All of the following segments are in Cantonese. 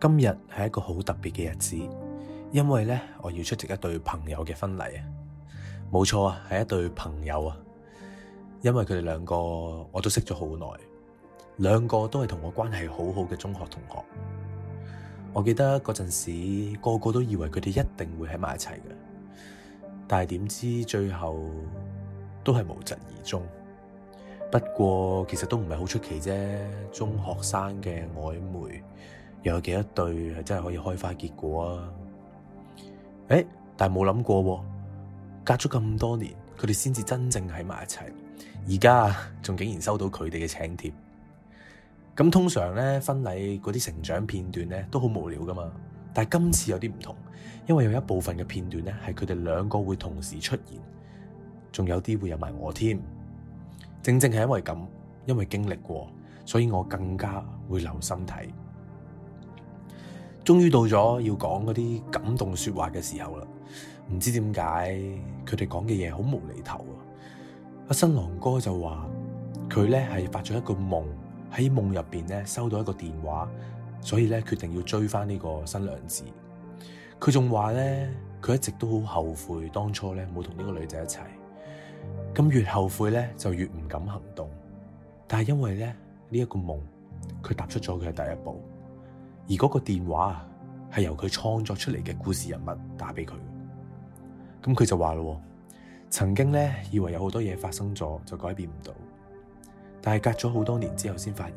今日係一個好特別嘅日子，因為咧我要出席一對朋友嘅婚禮啊！冇錯啊，係一對朋友啊，因為佢哋兩個我都識咗好耐，兩個都係同我關係好好嘅中學同學。我記得嗰陣時，個個都以為佢哋一定會喺埋一齊嘅，但係點知最後都係無疾而終。不過其實都唔係好出奇啫，中學生嘅曖昧。又有幾多對係真係可以開花結果啊？誒、欸，但係冇諗過，啊，隔咗咁多年，佢哋先至真正喺埋一齊。而家仲竟然收到佢哋嘅請帖。咁通常咧婚禮嗰啲成長片段咧都好無聊噶嘛但係今次有啲唔同，因為有一部分嘅片段咧係佢哋兩個會同時出現，仲有啲會有埋我添。正正係因為咁，因為經歷過，所以我更加會留心睇。終於到咗要講嗰啲感動說話嘅時候啦，唔知點解佢哋講嘅嘢好無厘頭啊！阿新郎哥就話佢咧係發咗一個夢，喺夢入邊咧收到一個電話，所以咧決定要追翻呢個新娘子。佢仲話咧佢一直都好後悔當初咧冇同呢個女仔一齊，咁越後悔咧就越唔敢行動，但係因為咧呢一個夢，佢踏出咗佢嘅第一步。而嗰個電話啊，係由佢創作出嚟嘅故事人物打俾佢。咁佢就話咯，曾經呢，以為有好多嘢發生咗就改變唔到，但係隔咗好多年之後先發現，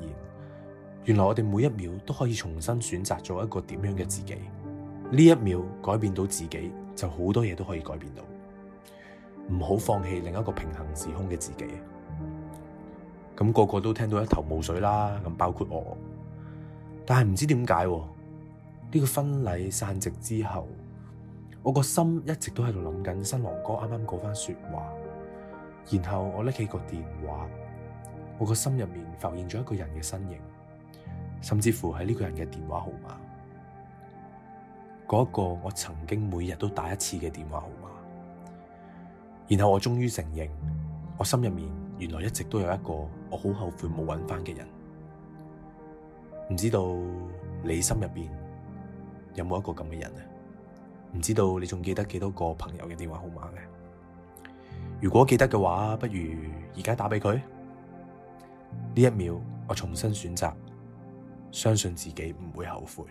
原來我哋每一秒都可以重新選擇做一個點樣嘅自己。呢一秒改變到自己，就好多嘢都可以改變到。唔好放棄另一個平行時空嘅自己。咁、那個個都聽到一頭霧水啦，咁包括我。但係唔知點解呢個婚禮散席之後，我個心一直都喺度諗緊新郎哥啱啱嗰番說話。然後我拎起個電話，我個心入面浮現咗一個人嘅身影，甚至乎係呢個人嘅電話號碼，嗰一個我曾經每日都打一次嘅電話號碼。然後我終於承認，我心入面原來一直都有一個我好後悔冇揾翻嘅人。唔知道你心入邊有冇一個咁嘅人啊？唔知道你仲記得幾多個朋友嘅電話號碼咧？如果記得嘅話，不如而家打俾佢。呢一秒，我重新選擇，相信自己唔會後悔。